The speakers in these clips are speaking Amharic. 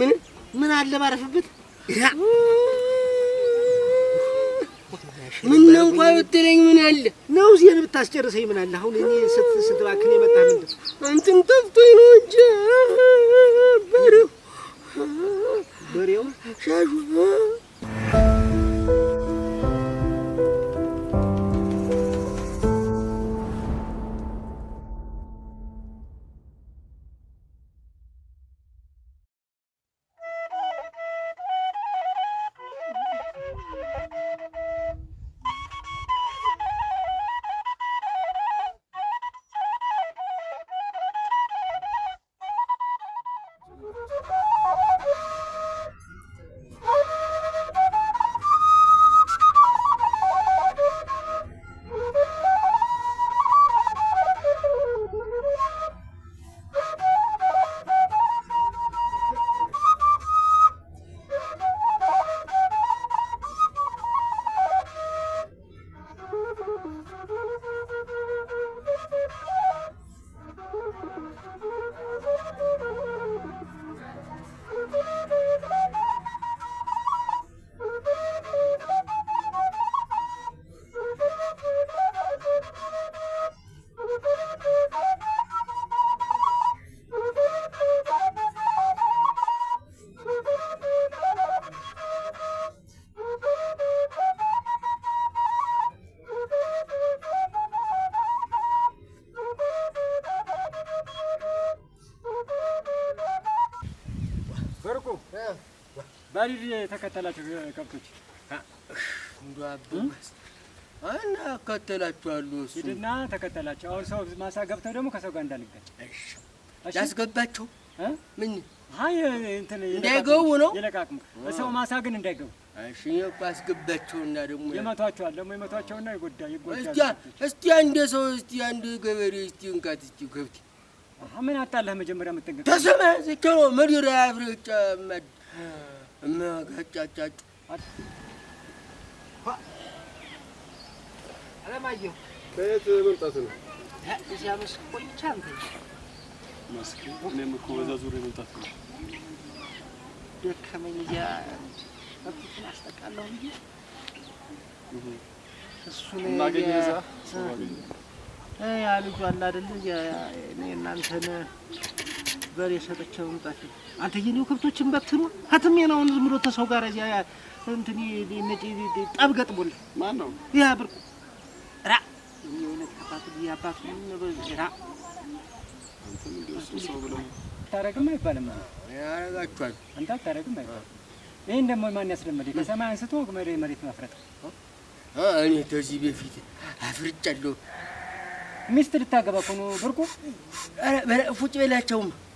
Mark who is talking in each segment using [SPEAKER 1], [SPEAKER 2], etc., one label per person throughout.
[SPEAKER 1] ምን ምን አለ ባረፍበት። ምን ነው እንኳን ወደረኝ ምን አለ ነው ዜን ብታስጨርሰኝ ምን አለ። አሁን እኔ ስት ስትባክን የመጣ ምንድን አንተን ጠፍቶኝ ነው እንጂ በሬው በሬው ሻሹ
[SPEAKER 2] አሪፍ የተከተላቸው ከብቶች
[SPEAKER 3] እንዱ እና
[SPEAKER 2] ሂድና ተከተላቸው። አሁን ሰው ማሳ ገብተው ደግሞ ከሰው ጋር እንዳልጋጭ
[SPEAKER 3] ያስገባቸው ምን
[SPEAKER 2] አይ እንትን
[SPEAKER 3] እንዳይገቡ ነው
[SPEAKER 2] የለቃቅም ሰው ማሳ ግን እንዳይገቡ።
[SPEAKER 3] እሺ እኮ አስገባቸውና ደግሞ
[SPEAKER 2] ይመቷቸዋል። ደግሞ ይመቷቸውና ይጎዳ
[SPEAKER 3] ይጎዳ። እስቲ አንድ ሰው እስቲ አንድ ገበሬ እስቲ እንካት እስቲ ከብት
[SPEAKER 2] ምን አጣለህ? መጀመሪያ መጠንቀቅ
[SPEAKER 3] ተሰማ ዝከሮ መዲራ አፍሪካ ማድ እመጋጫጫጩ
[SPEAKER 2] አለማየሁ
[SPEAKER 4] በየት መምጣት ነው?
[SPEAKER 2] እዚያመስ ቆይቻ አንተ
[SPEAKER 4] መስኪ እኔም እኮ በዛ ዙሪያ መምጣት ነው
[SPEAKER 2] ደከመኝ። እዚያ መብትን አስጠቃለሁ ብዬ እሱን እናገኝ ዛ ያ ልጇ አለ አይደለ እናንተን በሬ ሰጥቼ መምጣት አንተ የኔው ከብቶችን በትኖ ሀትሜ ነው። አሁን ዝም ብሎ ተሰው ጋር እዚያ እንትን ነጭ ጠብ ገጥሞልህ ማን ነው ያ ብርቁ ራ የእውነት አባቱ ያባቱ ራ ታረግም አይባልም አንተ አታረግም አይባልም። ይህን ደግሞ ማን ያስለመደ? ከሰማይ አንስቶ መሬት መፍረጥ
[SPEAKER 3] እኔ ከዚህ በፊት አፍርጫለሁ።
[SPEAKER 2] ሚስት ልታገባ እኮ ነው ብርቁ።
[SPEAKER 3] ፉጭ በላቸውም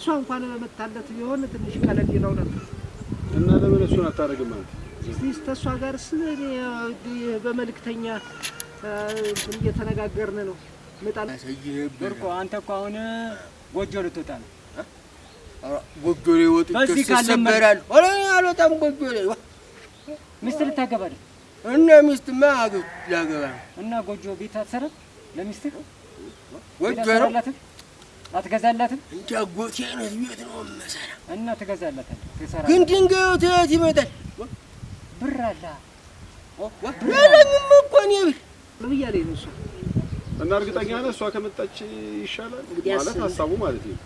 [SPEAKER 2] እሷ እንኳን በመታለት ቢሆን ትንሽ ቀለል ይለው ነበር።
[SPEAKER 4] እና ለምን እሱን አታደርግም ማለት
[SPEAKER 2] እስቲ ተሷ ጋር በመልክተኛ እየተነጋገርን ነው። መጣል ብርቆ አንተ እኮ አሁን ጎጆ ልትወጣ ነው። ጎጆ ላይ ወጥቼ ሰበራል።
[SPEAKER 3] ኧረ አልወጣም ጎጆ ላይ
[SPEAKER 2] ሚስት ልታገባል
[SPEAKER 3] እና ሚስትማ ላገባ
[SPEAKER 2] እና ጎጆ ቤት አትሰራም ለሚስትህ ጎጆ ነው አትገዛላትም?
[SPEAKER 3] እንደ አጎቴ አይነት ቤት ነው መሰራ
[SPEAKER 2] እና ትገዛላታለህ።
[SPEAKER 3] ትሰራ ግን ድንጋዩ ተያት ይመጣል። ብር አለ የለኝም እኮ እኔ
[SPEAKER 2] ብር ብያለሁ እሱ
[SPEAKER 4] እና እርግጠኛ ነህ እሷ ከመጣች ይሻላል ማለት ሀሳቡ ማለት ነው።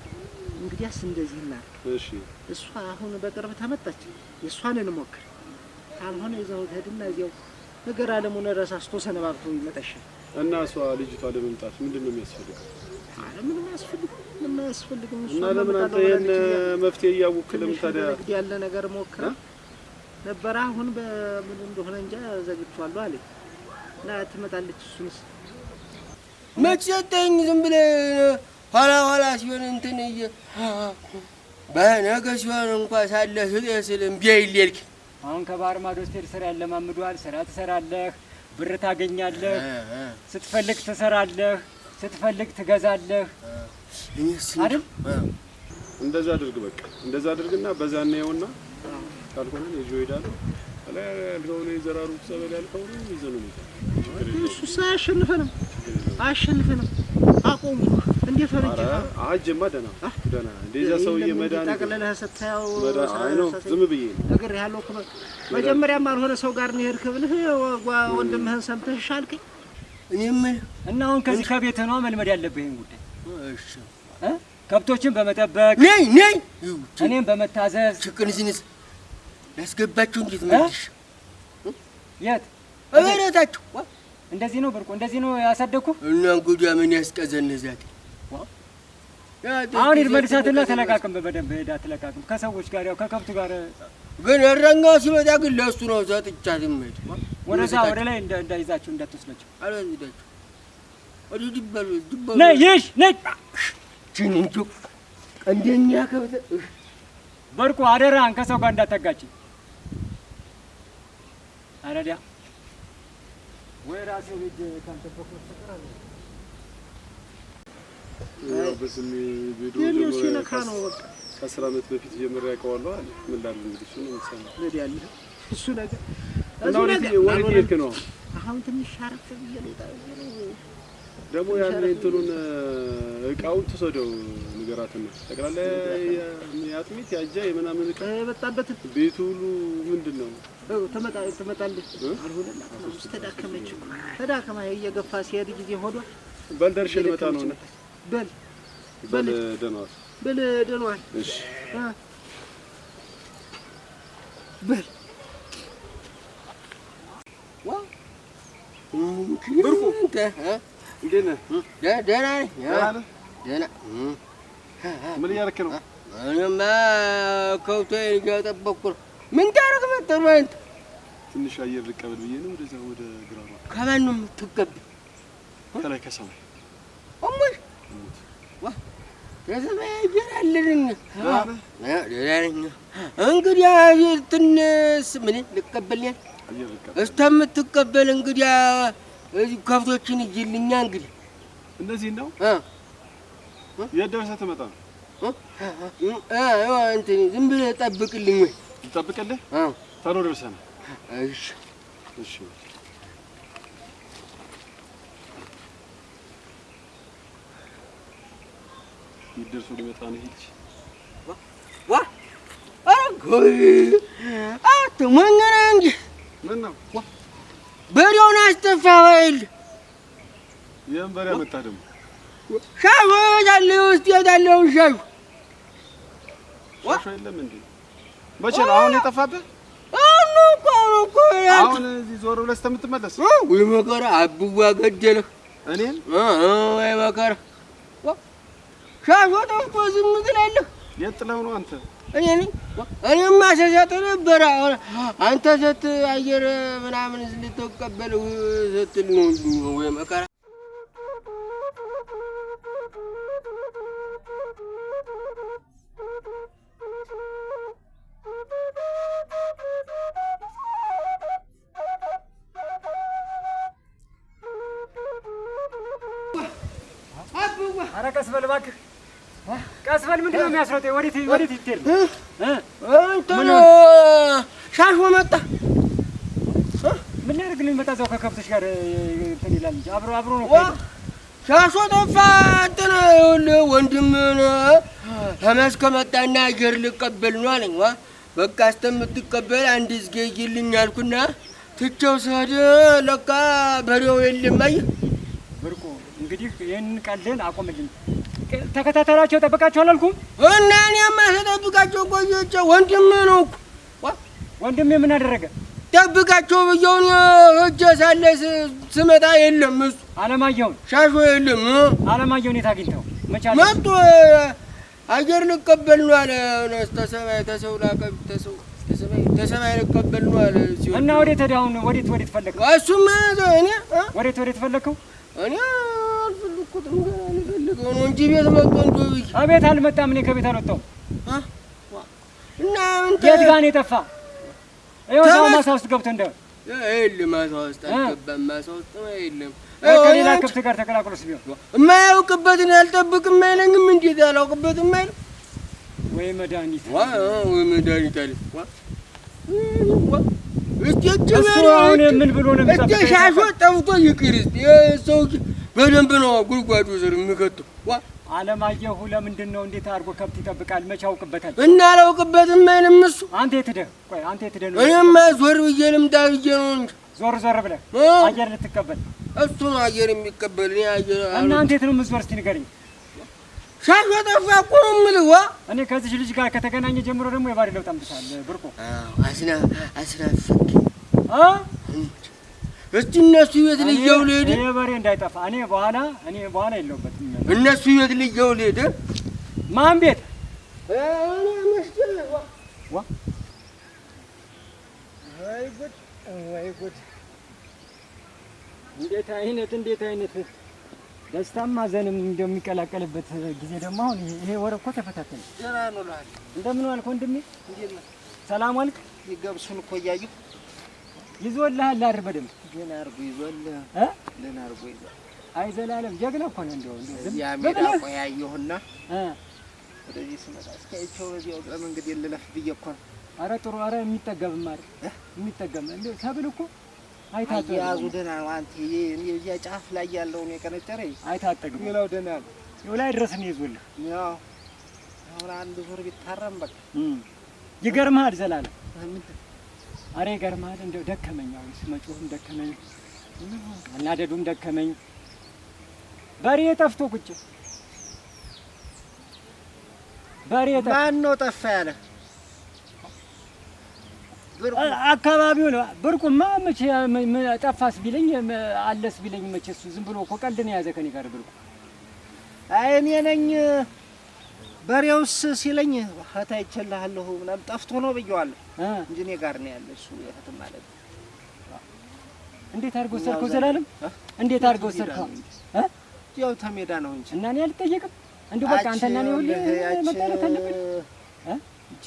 [SPEAKER 2] እንግዲያስ እንደዚህ እናድርግ። እሺ እሷ አሁን በቅርብ ተመጣች፣ የእሷን እንሞክር። ካልሆነ ይዘው ትሄድና እዚያው ነገር አለሙን ረሳስቶ ሰነባብቶ ይመጣሻል።
[SPEAKER 4] እና እሷ ልጅቷ ለመምጣት ምንድን ነው የሚያስፈልገው?
[SPEAKER 2] ምንም አያስፈልግም፣ ምንም አያስፈልግም።
[SPEAKER 4] እና ለምን አንተ ይሄን መፍትሄ ታዲያ
[SPEAKER 2] ያለ ነገር ሞክረ ነበረ። አሁን በምን እንደሆነ እንጃ እና ትመጣለች። እሱንስ
[SPEAKER 3] መች ሰጠኝ። ዝም ብለህ ኋላ ኋላ ሲሆን እንትን እየ በነገ ሲሆን እንኳ ሳለ ስጤ ስል እምቢ ይልልክ።
[SPEAKER 2] አሁን ከባህር ማዶ ስራ ያለማምዷል። ስራ ትሰራለህ፣ ብር ታገኛለህ፣ ስትፈልግ ትሰራለህ ስትፈልግ ትገዛለህ
[SPEAKER 3] አይደል?
[SPEAKER 4] እንደዛ አድርግ በቃ እንደዛ አድርግና በዛ እናየውና ካልሆነ ይዞ ይሄዳል። ያልከሆነ የዘራሩ ሰበል ነው
[SPEAKER 2] አያሸንፈንም፣ አያሸንፈንም። አቆሙ እንዴ
[SPEAKER 4] አጀማ ደና ደና ስታየው ዝም ብዬ
[SPEAKER 2] ያለው መጀመሪያም አልሆነ ሰው ጋር ነው የሄድክ ብልህ ወንድምህን ሰምተህ ሻልከኝ እኔም እና አሁን ከዚህ ከቤት ነው መልመድ ያለብህ ይሄን ጉዳይ። እሺ እ ከብቶችን በመጠበቅ ነይ ነይ እኔም በመታዘዝ
[SPEAKER 3] ችክን ዝንስ ያስገባችሁ እንዴት መልሽ? የት እበረታችሁ
[SPEAKER 2] እንደዚህ ነው ብርቁ፣ እንደዚህ ነው ያሳደግኩህ።
[SPEAKER 3] እና ጉዲያ ምን ያስቀዘንዛት
[SPEAKER 2] አሁን ሂድ መልሳትና ተለቃቅም፣ በደንብ ሄዳ ተለቃቅም ከሰዎች ጋር ያው ከከብቱ ጋር
[SPEAKER 3] ግን እረኛ ሲመጣ ግን ለእሱ ነው ሰጥቻት የምሄድ።
[SPEAKER 2] ወደዛ ወደ ላይ እንዳይዛችሁ እንዳትወስዳቸው።
[SPEAKER 3] አልወስዳቸው ወደ ድበሉ ድበሉ ይሽ ነጭ ችን እንደኛ ከብት
[SPEAKER 2] በርቁ። አደራህን ከሰው ጋር እንዳታጋጭ። አረዲያ ወይ ራስህ ልጅ ካልጠበቁ ተቀራለ
[SPEAKER 4] ነው በስሜ ቤዶ
[SPEAKER 2] ነው ነው
[SPEAKER 4] ከአስር ዓመት በፊት ጀምሬ ያውቀዋለሁ አለ። ምን ላድርግ እንግዲህ እሱን የምትሰማው
[SPEAKER 2] ለዲ ያለ እሱ ነገር
[SPEAKER 4] እና ወዴት ወዴት ሄድክ ነው?
[SPEAKER 2] አሁን ትንሽ አረፍ ብዬ ነው
[SPEAKER 4] ደግሞ ያን እንትኑን እቃውን ትሰደው ንገራትና ጠቅላላ የአጥሚት ያጃ የምናምን እቃ የመጣበት ቤቱ ሁሉ ምንድን ነው
[SPEAKER 2] ትመጣ ትመጣለች። አልሆነላ ተዳከመች ተዳከማ እየገፋ ሲሄድ ጊዜ ሆዷ
[SPEAKER 4] በል ደርሼ ልመጣ ነው። በል በል ደህና ዋል
[SPEAKER 2] በል ደህና ዋል። በል
[SPEAKER 4] ምን እያደረክ ነው?
[SPEAKER 3] እኔማ ከብቶዬን እያጠበኩ ነው። ምን ታደርግ መጠኑ አንተ
[SPEAKER 4] ትንሽ አየር ልቀበል ብዬ ነው። ወደዛ ወደ ግራሯ
[SPEAKER 3] ከማን ነው የምትገቢ? ከላይ ከሰማይ እንግዲህ ትንስ ምን ልቀበልኛል? እስከምትቀበል እንግዲህ ከብቶችን እይልኛ። እንግዲህ
[SPEAKER 4] እንደዚህ ነው። የት ደርሰህ ትመጣ ነው?
[SPEAKER 3] እንትን ዝም ብለህ ጠብቅልኝ ወይ
[SPEAKER 4] ልጠብቅልህ? ቶሎ ደርሰህ ነው።
[SPEAKER 3] እሺ፣ እሺ
[SPEAKER 4] ይደርሱ ሊመጣ ነው። ሂጅ
[SPEAKER 3] ዋ አረጎይ እንጂ በሬውን አስጠፋ ወይል
[SPEAKER 4] ይህም በሬ መጣ ደግሞ
[SPEAKER 3] ሻሾ ያለ ውስጥ ሻሾ
[SPEAKER 4] ሻሾ የለም እንዴ? መቼ ነው አሁን የጠፋብህ? አሁን እዚህ ዞር ብለህ ስትምትመለስ
[SPEAKER 3] ወይ መከራ አብዋ ገደለህ እኔን ወይ መከራ ሻሽ ወጥቶ ዝም ትላለህ።
[SPEAKER 4] የት ጥለው ነው አንተ?
[SPEAKER 3] እኔ ነኝ እኔማ ስሰጥ ነበረ። አንተ ሰት አየር ምናምን ልትቀበለው ስትል ነው ወይ መከራ
[SPEAKER 2] አረ በል እባክህ ቀስ በል። ምንድን ነው የሚያስሮጠኝ? ወዴት ወዴት ይትል
[SPEAKER 3] እንትን ሻሾ መጣ።
[SPEAKER 2] ምን ያደርግልኝ? መጣ እዛው ከከብቶች ጋር እንትን ይላል እንጂ አብሮ አብሮ ነው።
[SPEAKER 3] ሻሾ ጠፋ። እንትን ይኸውልህ ወንድም ከመስክ መጣና አየር ልቀበል ነው አለኝ። ዋ በቃ እስከምትቀበል አንድ ዝጌ ይልኝ አልኩና ትቼው ስሄድ ለካ በሬው የለም። አየህ
[SPEAKER 2] ብርቁ፣ እንግዲህ ይህን ቀልድን አቆምልኝ። ተከታተላቸው፣ ጠብቃቸው አላልኩም?
[SPEAKER 3] እና እኔማ ስጠብቃቸው ቆየቼ ወንድም ነው እኮ
[SPEAKER 2] ወንድም ምን አደረገ?
[SPEAKER 3] ጠብቃቸው ብየውን እጀ ሳለ ስመጣ የለም እሱ አለማየሁን ሻሾ የለም።
[SPEAKER 2] አለማየሁን የት አግኝተው
[SPEAKER 3] መጡ? አየር ልቀበል ነው አለ። ተሰማይ ተሰው ላቀብ ተሰው ተሰማይ ልቀበል ነው አለ።
[SPEAKER 2] እና ወዴት ሄደ አሁን? ወዴት ወዴት ፈለግከው?
[SPEAKER 3] እሱማ እኔ
[SPEAKER 2] ወዴት ወዴት ፈለግከው?
[SPEAKER 3] እኔ አልፈለኩትም ገና ፈልገው ነው እንጂ ቤት መጥቶ እንዶ ብዬሽ።
[SPEAKER 2] አቤት አልመጣም፣ እኔ ከቤት አልወጣሁም። እና አንተ የት ጋር ነው የጠፋ? ይኸው ማሳ ውስጥ ገብቶ እንደ
[SPEAKER 3] የለም፣ ማሳ ውስጥ አልገባም። ማሳ ውስጥ የለም።
[SPEAKER 2] ከሌላ ከብት ጋር ተቀላቅሎስ ቢሆን
[SPEAKER 3] የማያውቅበትን አልጠብቅም አይለኝም። እንዴት አላውቅበትም አይልም
[SPEAKER 2] ወይ መድኃኒት
[SPEAKER 3] ወይ መድኃኒት አለ እሱ
[SPEAKER 2] አሁን ምን ብሎ
[SPEAKER 3] ነው ሻሾ ጠብቶ ይቅር ሰው በደንብ ነው ጉድጓዱ ስር የሚከተው። ዋ
[SPEAKER 2] አለማየሁ፣ ለምንድን ነው እንዴት አድርጎ ከብት ይጠብቃል? መቼ አውቅበታል?
[SPEAKER 3] እናላውቅበትም አይልም እሱ።
[SPEAKER 2] አንተ የት ሄደህ? ቆይ አንተ የት ሄደህ ነው?
[SPEAKER 3] እኔማ ዞር ብዬ ልምጣ ብዬ ነው እንጂ
[SPEAKER 2] ዞር ዞር ብለህ አየር ልትቀበል።
[SPEAKER 3] እሱ ነው አየር የሚቀበል። እኔ አየር
[SPEAKER 2] እና እንዴት ነው የምዞር? እስኪ ንገረኝ።
[SPEAKER 3] ሻሽ ጠፋ እኮ ነው የምልህ። ዋ
[SPEAKER 2] እኔ ከዚህ ልጅ ጋር ከተገናኘ ጀምሮ ደግሞ የባሪ ለውጥ አምጥታል። ብርቆ
[SPEAKER 3] አስና አስና ፍቅ አ እስቲ እነሱ ቤት ልየው ልሄድ
[SPEAKER 2] እኔ በሬ እንዳይጠፋ እኔ በኋላ እኔ በኋላ የለሁበትም።
[SPEAKER 3] እነሱ ቤት ልየው ልሄድ ማን ቤት ወይ
[SPEAKER 2] ጉድ ወይ ጉድ! እንዴት አይነት እንዴት አይነት ደስታም ሀዘንም እንደሚቀላቀልበት ጊዜ ደግሞ አሁን ይሄ ወር እኮ ተፈታተነ። እንደምን ዋልክ ወንድሜ? ሰላም ዋልክ?
[SPEAKER 3] ይገብሱን እኮ እያየሁ
[SPEAKER 2] ይዞልሃል ላድር በደምብ
[SPEAKER 3] ግን አድርጎ ይዞልህ እ ደህና አድርጎ ይዞልህ።
[SPEAKER 2] አይ ዘላለም ጀግና እኮ ነው። እንደው እንደው
[SPEAKER 3] ዝም ብለህ እኮ ያየሁና እ ወደዚህ ስመጣ እስኪ አይቼው በዚያው እግረ መንገድ የልለፍ ብዬሽ እኮ ነው።
[SPEAKER 2] ኧረ ጥሩ አረ የሚጠገብ ማር የሚጠገም እንደው ሰብል እኮ አይታጠግም።
[SPEAKER 3] ያዙ ደህና ነው። አንተ ይሄ እዚያ ጫፍ ላይ ያለውን የቀነጨረኝ አይታጠግም። ይለው ደህና ነው።
[SPEAKER 2] ይኸው ላይ ድረስ ነው ይዞልህ።
[SPEAKER 3] ያው አሁን አንድ ዙር ቢታረም በቃ
[SPEAKER 2] ይገርምሃል ዘላለም አረ ይገርማል። እንደው ደከመኝ፣ አሁን ስመጮህም ደከመኝ፣ መናደዱም ደከመኝ። በሬ ጠፍቶ ቁጭ በሬ
[SPEAKER 3] ማን ነው ጠፋ ያለ?
[SPEAKER 2] አካባቢው ነው። ብርቁማ መቼ ጠፋስ ቢለኝ አለስ ቢለኝ መቼ እሱ ዝም ብሎ እኮ ቀልድ ነው የያዘ ከኔ ጋር ብርቁ።
[SPEAKER 3] አይ እኔ ነኝ በሬውስ ሲለኝ ሀታ ይችልሃለሁ ምናምን ጠፍቶ ነው ብየዋለሁ እንጂ እኔ ጋር ነው ያለ እሱ የህትም ማለት ነው።
[SPEAKER 2] እንዴት አድርገው ሰርከው ዘላለም እንዴት አድርገው ሰርከው
[SPEAKER 3] ያው ተሜዳ ነው እንጂ
[SPEAKER 2] እና እኔ አልጠየቅም። እንዲሁ በቃ አንተና እኔ ሁሌ
[SPEAKER 3] መጣላት አለብን። እቺ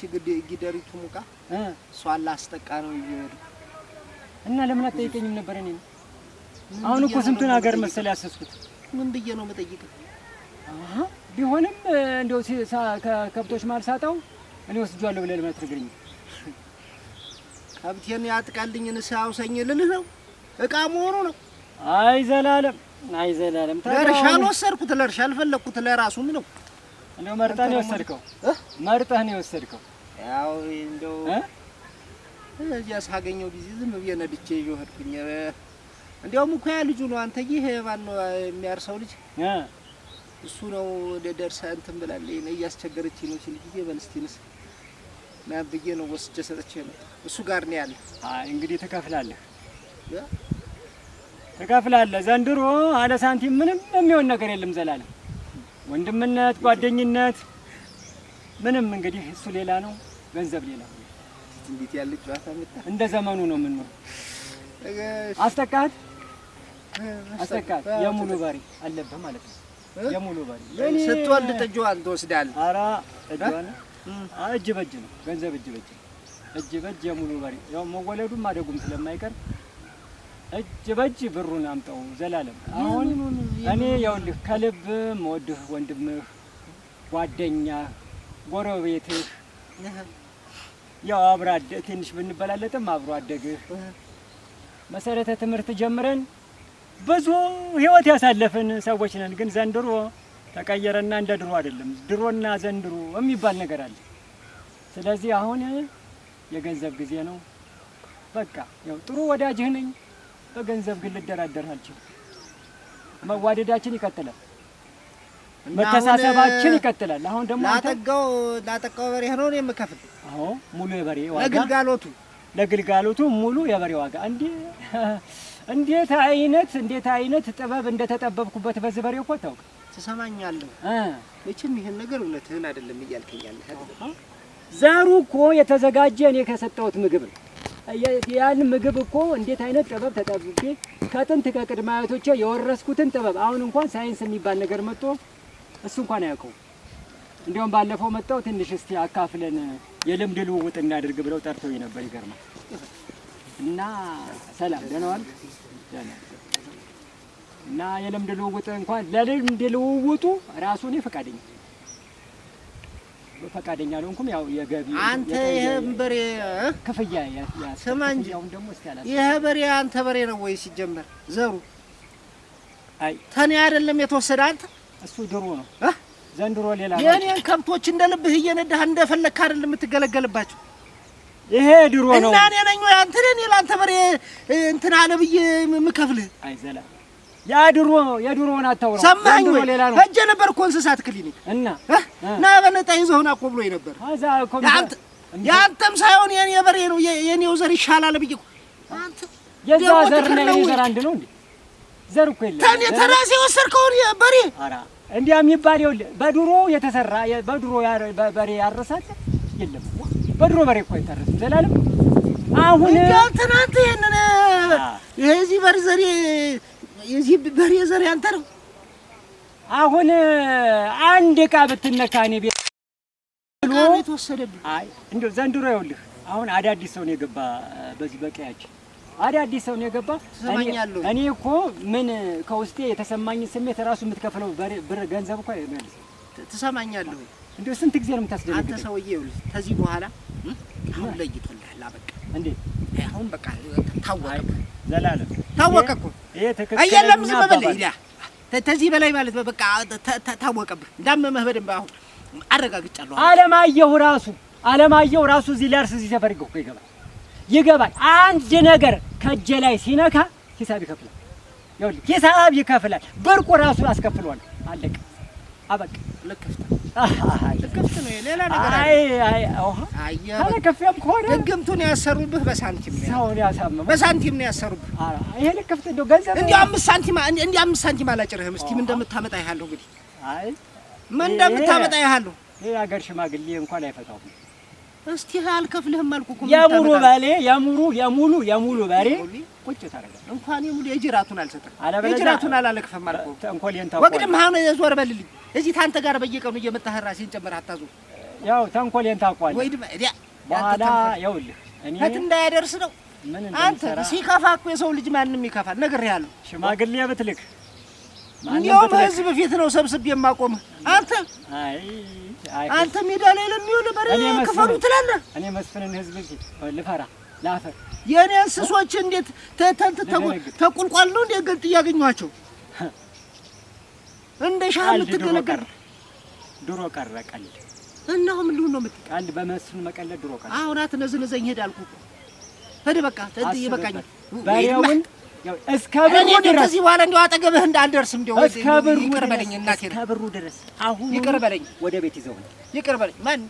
[SPEAKER 3] ጊደሪቱ ሙቃ እሷን ላስጠቃ ነው እየሄዱ
[SPEAKER 2] እና ለምን አትጠይቀኝም ነበር? እኔ አሁን እኮ ስንቱን ሀገር መሰል ያሰስኩት
[SPEAKER 3] ምን ብዬ ነው የምጠይቅህ?
[SPEAKER 2] ቢሆንም እንደው ከከብቶች ማልሳጣው እኔ ወስጃለሁ ብለህ ለማትነግረኝ
[SPEAKER 3] ከብቴን ያጥቃልኝን ሳውሰኝ ልልህ ነው። እቃ መሆኑ ነው።
[SPEAKER 2] አይ ዘላለም፣ አይ ዘላለም፣
[SPEAKER 3] ለእርሻ አልወሰድኩት፣ ለእርሻ አልፈለግኩት፣ ለራሱም ነው።
[SPEAKER 2] እንደው መርጠህ ነው የወሰድከው፣ መርጠህ ነው የወሰድከው።
[SPEAKER 3] ያው እንደው እዚያ ሳገኘው ጊዜ ዝም ብዬ ነድቼ ይዤው ሄድኩኝ። እንዲያውም እኮ ያ ልጁ ነው አንተዬ፣ ማነው የሚያርሰው ልጅ እሱ ነው ወደ ደርሳ እንትን ብላለች ነው እያስቸገረች ነው ሲል ጊዜ በልስቲንስ ና ብዬ ነው ወስጄ ሰጥቼ ነው እሱ ጋር ነው ያለ።
[SPEAKER 2] አይ እንግዲህ ትከፍላለህ ትከፍላለህ። ዘንድሮ አለ ሳንቲም ምንም የሚሆን ነገር የለም። ዘላለም ወንድምነት፣ ጓደኝነት ምንም እንግዲህ እሱ ሌላ ነው፣ ገንዘብ ሌላ ነው።
[SPEAKER 3] እንዴት ያለ ጨዋታ መጣ!
[SPEAKER 2] እንደ ዘመኑ ነው የምንኖረው። አስጠቃት አስጠቃት የሙሉ በሬ አለብህ ማለት ነው የሙሉ ባል
[SPEAKER 3] ስትወልድ ጥጃዋን ትወስዳለህ።
[SPEAKER 2] ኧረ ጥጃዋን እጅ በእጅ ነው ገንዘብ እጅ በእጅ እጅ በእጅ የሙሉ በሬ ያው መወለዱም አደጉም ስለማይቀር እጅ በእጅ ብሩን አምጠው ዘላለም። አሁን እኔ ይኸውልህ ከልብ መወድህ ወንድምህ፣ ጓደኛ ጎረቤትህ ያው አብሮ አደ ትንሽ ብንበላለጥም አብሮ አደግህ መሰረተ ትምህርት ጀምረን ብዙ ህይወት ያሳለፍን ሰዎች ነን። ግን ዘንድሮ ተቀየረና እንደ ድሮ አይደለም። ድሮና ዘንድሮ የሚባል ነገር አለ። ስለዚህ አሁን የገንዘብ ጊዜ ነው። በቃ ያው ጥሩ ወዳጅህ ነኝ፣ በገንዘብ ግን ልደራደር አልችልም። መዋደዳችን ይቀጥላል፣ መተሳሰባችን ይቀጥላል። አሁን ደግሞ
[SPEAKER 3] ላጠጋው ላጠጋው በሬ ነው የምከፍል።
[SPEAKER 2] አዎ ሙሉ የበሬ
[SPEAKER 3] ዋጋ ለግልጋሎቱ
[SPEAKER 2] ለግልጋሎቱ ሙሉ የበሬ ዋጋ እንዲህ እንዴት አይነት እንዴት አይነት ጥበብ እንደተጠበብኩበት በዚህ በሬ እኮ ታውቅ
[SPEAKER 3] ትሰማኛለህ። መቼም ይሄን ነገር እውነትህን አይደለም እያልከኝ ያለህ
[SPEAKER 2] ዛሩ እኮ የተዘጋጀ እኔ ከሰጠሁት ምግብ ነው። ያን ምግብ እኮ እንዴት አይነት ጥበብ ተጠብቤ ከጥንት ከቅድመ አያቶቼ የወረስኩትን ጥበብ አሁን እንኳን ሳይንስ የሚባል ነገር መጥቶ እሱ እንኳን አያውቀው። እንዲያውም ባለፈው መጣው ትንሽ እስቲ አካፍለን የልምድ ልውውጥ እናድርግ ብለው ጠርተው ነበር። ይገርማል። እና ሰላም ደህና ዋልክ እና የልምድ ልውውጥ እንኳን ለልምድ ልውውጡ ራሱ እኔ ፈቃደኛ ፈቃደኛ አልሆንኩም። ያው የገቢ
[SPEAKER 3] አንተ ይሄን በሬ ክፍያ ስማ እንጂ አሁን ደግሞ እስቲ አላስ ይሄ በሬ አንተ በሬ ነው ወይ ሲጀመር ዘሩ አይ ተኔ አይደለም የተወሰደ አንተ
[SPEAKER 2] እሱ ድሮ ነው ዘንድሮ ሌላ
[SPEAKER 3] የእኔን ከብቶች እንደ ልብህ እየነዳህ እንደፈለግህ አይደለም የምትገለገልባቸው ይሄ ድሮ ነው እና እኔ ነኝ አንተ ነኝ በሬ እንትን አለ ብዬ አይዘላ
[SPEAKER 2] ያ ድሮ የድሮውን
[SPEAKER 3] ወይ? ነበር እኮ እንስሳት ክሊኒክ እና እና በነጣ ነበር። የአንተም ሳይሆን የኔ በሬ ነው የኔው ዘር ይሻላል ብዬ አንተ
[SPEAKER 2] የዛ ዘር የኔ ዘር አንድ ነው እንዴ? ዘር እኮ
[SPEAKER 3] የለም ተራሴ በሬ
[SPEAKER 2] እንዲያ የሚባል ይኸውልህ፣ በድሮ የተሰራ በድሮ በሬ ያረሳት የለም በድሮ በሬ እኮ አይታረስም ዘላለም።
[SPEAKER 3] አሁን እንዲያውም ትናንት ይሄንን የዚህ በር ዘሬ የዚህ በሬ ዘሬ አንተ ነው።
[SPEAKER 2] አሁን አንድ እቃ ብትነካ እኔ ቤት
[SPEAKER 3] የተወሰደብህ። አይ
[SPEAKER 2] እንደው ዘንድሮ ይኸውልህ አሁን አዳዲስ ሰው ነው የገባ በዚህ በቀያችን አዳዲስ ሰው ነው የገባ። እኔ እኮ ምን ከውስጤ የተሰማኝ ስሜት ራሱ የምትከፍለው ብር ገንዘብ እኮ አይመልስም።
[SPEAKER 3] ትሰማኛለህ?
[SPEAKER 2] እንዴ ስንት ጊዜ ነው የምታስደነግጠኝ?
[SPEAKER 3] አንተ ሰውዬ ይኸውልህ፣ ከዚህ በኋላ አሁን ለይቶልሃል። በቃ እንዴ አሁን በቃ ታወቀ፣ ዘላለም ታወቀ እኮ ይሄ ተከክለ አይደለም። ዝም በል ይላ ከዚህ በላይ ማለት በቃ ታወቀብህ። እንዳመመህ በደንብ አሁን አረጋግጫለሁ።
[SPEAKER 2] አለማየሁ ራሱ አለማየሁ ራሱ እዚህ ሊያርስ እዚህ ሰፈር እኮ ይገባል ይገባል። አንድ ነገር ከእጄ ላይ ሲነካ ሂሳብ ይከፍላል። ይኸውልህ ሂሳብ ይከፍላል። ብርቁ ራሱ አስከፍሏል። አለቀ አበቃ።
[SPEAKER 3] ልክፍት ልክፍት ነው። ድግምቱን ያሰሩብህ በሳንቲም ነው፣ በሳንቲም ነው ያሰሩብህ።
[SPEAKER 2] ይሄ ልክፍት እንደው
[SPEAKER 3] ገንዘብ እንዲያው አምስት ሳንቲም እንዲያው አምስት አላጭርህም። እስኪ ምን እንደምታመጣ ይኸውልህ፣ እንግዲህ
[SPEAKER 2] ይሄ ሀገር ሽማግሌ እንኳን አይፈታውም።
[SPEAKER 3] እስቲ አልከፍልህም አልኩ እኮ
[SPEAKER 2] ያሙሩ ባሌ ያሙሩ ያሙሉ ያሙሉ ባሌ ቁጭ
[SPEAKER 3] ታደርጋለህ። እንኳን ይሙሉ የጅራቱን አልሰጥም፣ የጅራቱን አላለቅፍም አልኩ። ተንኮሌን ታውቀው ወግድም አሁን ዞር በልልኝ። እዚህ ታንተ ጋር በየቀኑ እየመጣህ ራሴን ጨምር አታዞር።
[SPEAKER 2] ያው ተንኮሌን ታውቀዋለህ። ወይ ድማ ያ በኋላ ይኸውልህ
[SPEAKER 3] እኔ ከት እንዳያደርስ ነው። አንተ ሲከፋ እኮ የሰው ልጅ ማንም ይከፋል። ነግሬሃለሁ።
[SPEAKER 2] ሽማግሌ ብትልክ
[SPEAKER 3] እንዲያውም ህዝብ ፊት ነው ሰብስብ የማቆም። አንተ አንተ ሜዳ ላይ ለሚውል በር ክፈሉ ትላለህ።
[SPEAKER 2] እኔ መስፍንን ህዝብ ፊት ልፈራ ላፈር።
[SPEAKER 3] የእኔ እንስሶች እንዴት ተተንት ተቁልቋል ነው እንዴ ገልጥ እያገኟቸው እንደ ሻህ
[SPEAKER 2] የምትገለገል ድሮ ቀረ ቀልድ።
[SPEAKER 3] እናሁም እንዲሁን ነው የምትቀል
[SPEAKER 2] ቀልድ በመስፍን መቀለድ ድሮ ቀረ።
[SPEAKER 3] አሁን አትነዝንዘኝ። ሄድ አልኩህ በቃ ሂድ። በቃ
[SPEAKER 2] ይበቃኛል። እስከ
[SPEAKER 3] ብሩ ድረስ ከዚህ በኋላ እንደው አጠገብህ እንደው እስከ ብሩ ይቅር በለኝ እናቴ፣
[SPEAKER 2] እስከ ብሩ ድረስ
[SPEAKER 3] አሁን ይቅር በለኝ። ወደ ቤት ይዘው ይቅር በለኝ። ማን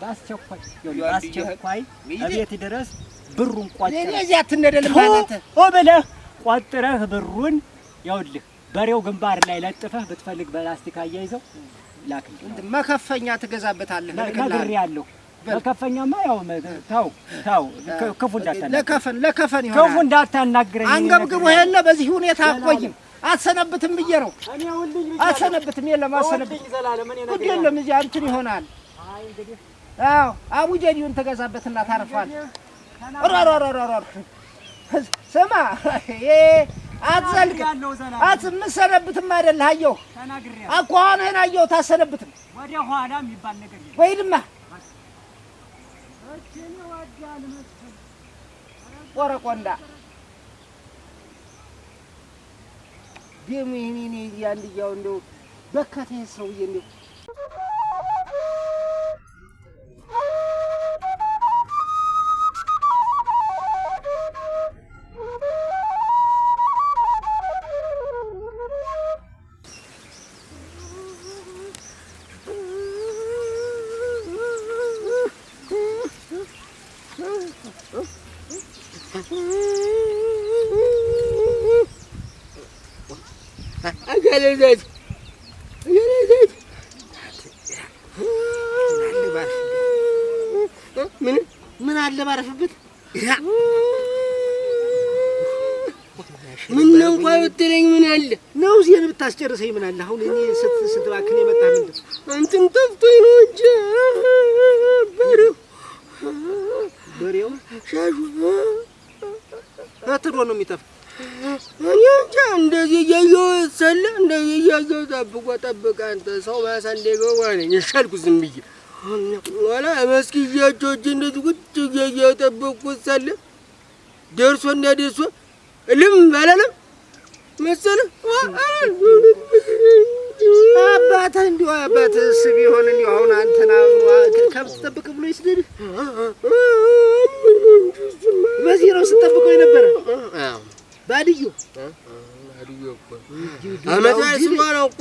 [SPEAKER 2] በአስቸኳይ በአስቸኳይ ቤት ድረስ ብሩን
[SPEAKER 3] እኔ እዚህ አትነደልም ማለት
[SPEAKER 2] ኦ ብለህ ብሩን በሬው ግንባር ላይ ለጥፈህ ብትፈልግ በላስቲክ አያይዘው መከፈኛ ትገዛበታለህ። ለከፈኛማ ያው ታው ታው
[SPEAKER 3] ክፉ እንዳታናግረኝ፣ ለከፈን ለከፈን
[SPEAKER 2] ይሆናል። ክፉ እንዳታናግረኝ
[SPEAKER 3] አንገብግቦ የለ በዚህ ሁኔታ አቆይም አሰነብትም ብዬ ነው። አትሰነብትም የለም አትሰነብትም። ግድ የለም እዚህ እንትን ይሆናል። አዎ አቡጀዲውን ተገዛበትና ታርፋል። ሮሮሮሮሮ ስማ አትዘልቅ አት የምትሰነብትም አይደለህ። አየሁ አኳኋንህን አየሁ። ታሰነብትም ወይድማ ቆረቆንዳ ደሙ ይሄኔ እኔ አንድያው እንደው በካታ ሰውዬ እንደው ምን
[SPEAKER 2] ምን አለ ባረፍበት
[SPEAKER 3] ምን ነው እንኳን ብትለኝ ምን አለ
[SPEAKER 2] ነው ዜን ብታስጨርሰኝ ምን አለ አሁን እኔ ስት ስትባክን የመጣ ምንድን
[SPEAKER 1] እንትን ጠፍቶኝ ነው እንጂ በሬው
[SPEAKER 2] በሬው ሻሹ አትሮ ነው የሚጠፋው
[SPEAKER 3] እኔ እንጃ እንደዚህ እያየሁት ሰለ እንደዚህ እያየሁት ጠብቆ ጠብቀህ አንተ ሰው ማሳ ነኝ ይሻልኩ ዝም ብዬ ኋላ መስኪያቸው እጅ ቁጭ እየጠበቅኩት ሳለ ደርሶ እና ደርሶ ልም አላለም መሰለህ
[SPEAKER 2] አባትህ እንዲሁ አባትህ እሱ ቢሆን እንዲሁ አሁን አንተና ከብት ስጠብቅ ብሎ ይስደድህ
[SPEAKER 3] በዚህ ነው ስጠብቀው የነበረ ባድዮ አመት በኋላ እኮ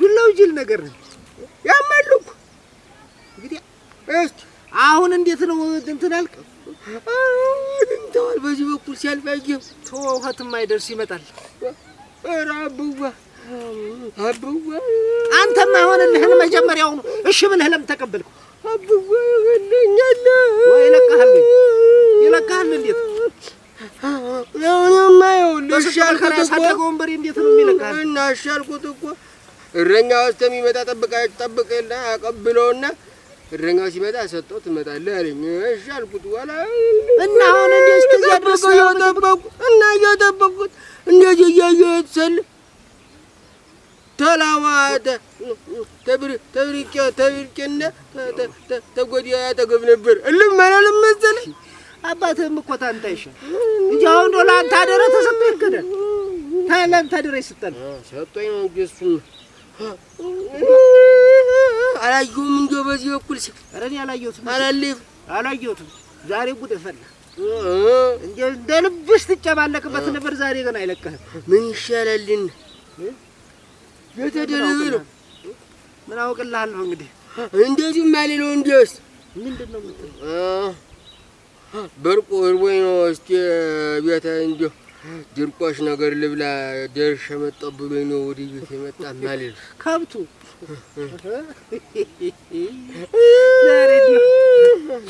[SPEAKER 3] ዱላው ጅል ነገር ነው
[SPEAKER 2] እስኪ አሁን እንዴት ነው እንትን አልክ?
[SPEAKER 3] እንተዋል በዚህ በኩል ሲያልፍ ያየው
[SPEAKER 2] ተውኸትም አይደርስ ይመጣል።
[SPEAKER 3] ኧረ አብዋ አብዋ
[SPEAKER 2] አንተማ አይሆንልህን መጀመሪያውኑ እሺ ብለህ ለምን ተቀበልኩ?
[SPEAKER 3] አቡዋ ይገለኛል
[SPEAKER 2] ወይ ይለቃሃል? ይለቃሃል እንዴት
[SPEAKER 3] አሁንማ ይኸውልህ
[SPEAKER 2] እሺ አልኩት እኮ ያሳደገውን እንዴት ነው የሚለቃህ?
[SPEAKER 3] እና እሺ አልኩት እኮ እረኛው እስከሚመጣ ጠብቃ ጠብቅ የለ አቀብለውና እረኛው ሲመጣ ሰጠው ትመጣለህ አለኝ። እሺ አልኩት። በኋላ እና አሁን እንዴ እስከዚያ ድረስ ነው እና እየጠበቁት እንደዚህ እያየሁት ስል ተላዋተ ተብሪ ተብሪቄ ተብሪቄና ተጎዲያ ያጠገብ ነበር እልም አላለም መሰለህ።
[SPEAKER 2] አባትህም እኮ ታንተ ይሻል እንጂ አሁን ዶላ አንተ አደረ ተሰጠ ይከዳል ታላም ታደረ ይስጠል
[SPEAKER 3] ሰጠኝ ነው ጌሱም አላየሁም። እንደው በዚህ በኩል ሲል
[SPEAKER 2] ኧረ እኔ አላየሁትም፣ አላለይም፣ አላየሁትም። ዛሬ ጉድ ፈላ እንደው እንደ ልብሽ ትጨማለቅበት ነበር። ዛሬ ግን አይለቀህም።
[SPEAKER 3] ምን ይሻላልን? የተደረገ ነው።
[SPEAKER 2] ምን አውቅልሃለሁ እንግዲህ
[SPEAKER 3] እንደዚሁ ማሌለው እንዲያውስ ምንድን ነው የምትለው? በርቆ እርቦኝ ነው። እስኪ ቤተ እንዲያው ድርቆሽ ነገር ልብላ ደርሼ መጣሁ ብሎኝ ነው ወደ ቤት የመጣ ማለት ከብቱ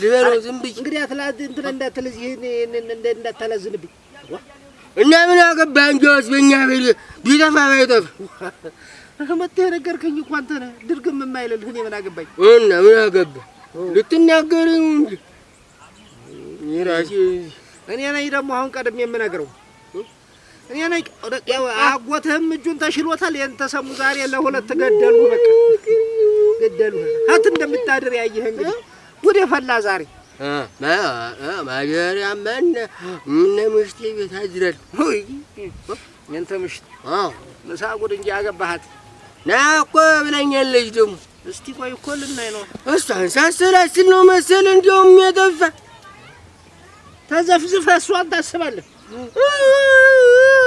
[SPEAKER 3] ልበለው ዝም ብዬሽ
[SPEAKER 2] እንግዲህ አትላዝ እንትን እንዳትልዝ ይህን
[SPEAKER 3] እና ምን አገባ በእኛ ቤት ቢጠፋ ባይጠፋ
[SPEAKER 2] መጥተህ እኮ አንተ ነህ ድርግም እኔ ምን አገባኝ
[SPEAKER 3] እና ምን አገባ ልትናገረኝ እንጂ
[SPEAKER 2] እኔ ነኝ ደግሞ አሁን ቀድሜ የምነግረው እኔ ነኝ። አጎትህም እጁን ተሽሎታል። ይህን ተሰሙ ዛሬ ለሁለት ገደሉ። በቃ ገደሉ። ከት እንደምታድር ያየህ እንግዲህ ጉድ የፈላ ዛሬ
[SPEAKER 3] ማደሪያ ማን ምነ ምሽቴ ቤት አድረል እንተ ምሽት ምሳ ጉድ እንጂ አገባሃት ና እኮ ብለኛለች። ደግሞ
[SPEAKER 2] እስቲ ቆይ እኮ ልናይ ነው።
[SPEAKER 3] እሷን ሳሰላስል ነው መሰል እንዲያውም የጠፋ
[SPEAKER 2] ተዘፍዝፈህ እሷን ታስባለህ።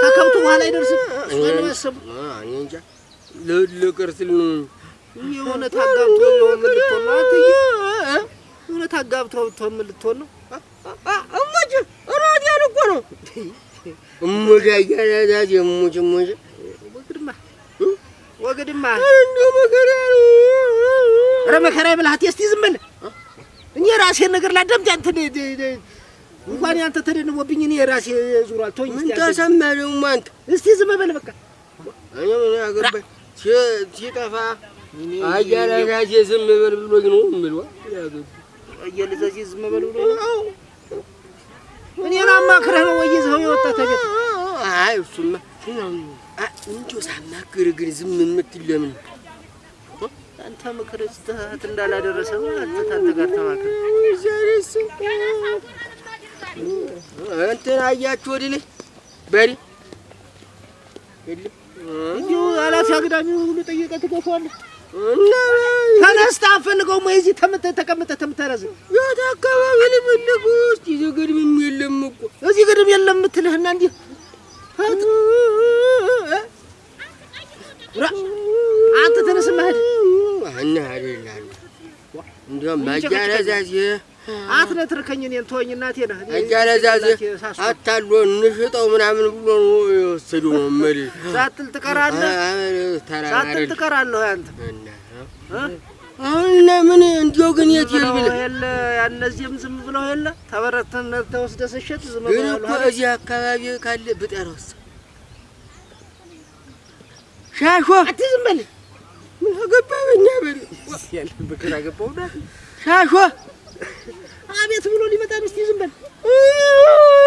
[SPEAKER 2] ከከብቱ በኋላ አይደርስም። እኔ እንጃ የሆነ ታጋብቶ ነው የምልትሆን ነው የሆነ ታጋብቶ ነው
[SPEAKER 3] እሙጭ ራዲያን እኮ ነው እሙጭ አያዳዳጅ እሙጭ ወግድማ ወግድማ እንደው መከራ ነው።
[SPEAKER 2] ኧረ መከራ እስኪ ዝም በል። እኔ ራሴን ነገር ላዳምጥ። አንተ እንኳን ያንተ ተደንቦብኝ እኔ የራሴ ዙሯል።
[SPEAKER 3] ተወኝ። ምን ተሰማህ ደግሞ አንተ?
[SPEAKER 2] እስቲ ዝም በል በቃ። እኔ ምን ነው ብሎ አማክረህ ነው ወይ ይዘኸው የወጣ ተገት?
[SPEAKER 3] አይ እሱማ እንዲሁ ሳማክርህ ግን ዝም የምትል ለምን?
[SPEAKER 2] አንተ ምክር ስህተት እንዳላደረሰ አንተ ታንተ ጋር ተማክር
[SPEAKER 3] እንትን አያችሁ ወዲህ በሪ
[SPEAKER 2] እንዲሁ አላፊ አግዳሚ ሁሉ ጠየቀህ ትገፋዋለህ። ተነስታ አፈልገው እዚህ ተቀምጠህ ተምተረዝ
[SPEAKER 3] የት አካባቢ ልፈልግ? ውስጥ ይዘህ ግድም የለም እኮ
[SPEAKER 2] እዚህ ግድም የለም የምትልህና እንዲህ አንተ ተነስማ ሂድ
[SPEAKER 3] እና አይደል እንዲያውም መጃነዛዜ
[SPEAKER 2] አትነትርከኝ እኔን ተወኝ፣ እናቴ ነህ።
[SPEAKER 3] መጃነዛዜ አታሎ እንሽጠው ምናምን ብሎ የወሰዱ ነው የምልህ።
[SPEAKER 2] ሳትል ትቀራለህ፣ ሳትል ትቀራለህ አንተ
[SPEAKER 3] አሁን ለምን እንዲያው ግን የት
[SPEAKER 2] ይብል የለ ያነዚህም ዝም ብለው የለ ተበረትነት ተወስደህ ስትሸጥ ዝም ብለው ግን
[SPEAKER 3] እኮ እዚህ አካባቢ ካለ ብጠረውስ ሻሾ አትዝም በል ምን አገባህ በእኛ በል ሻሾ
[SPEAKER 2] አቤት ብሎ ሊመጣ ሚስት ይዝም በል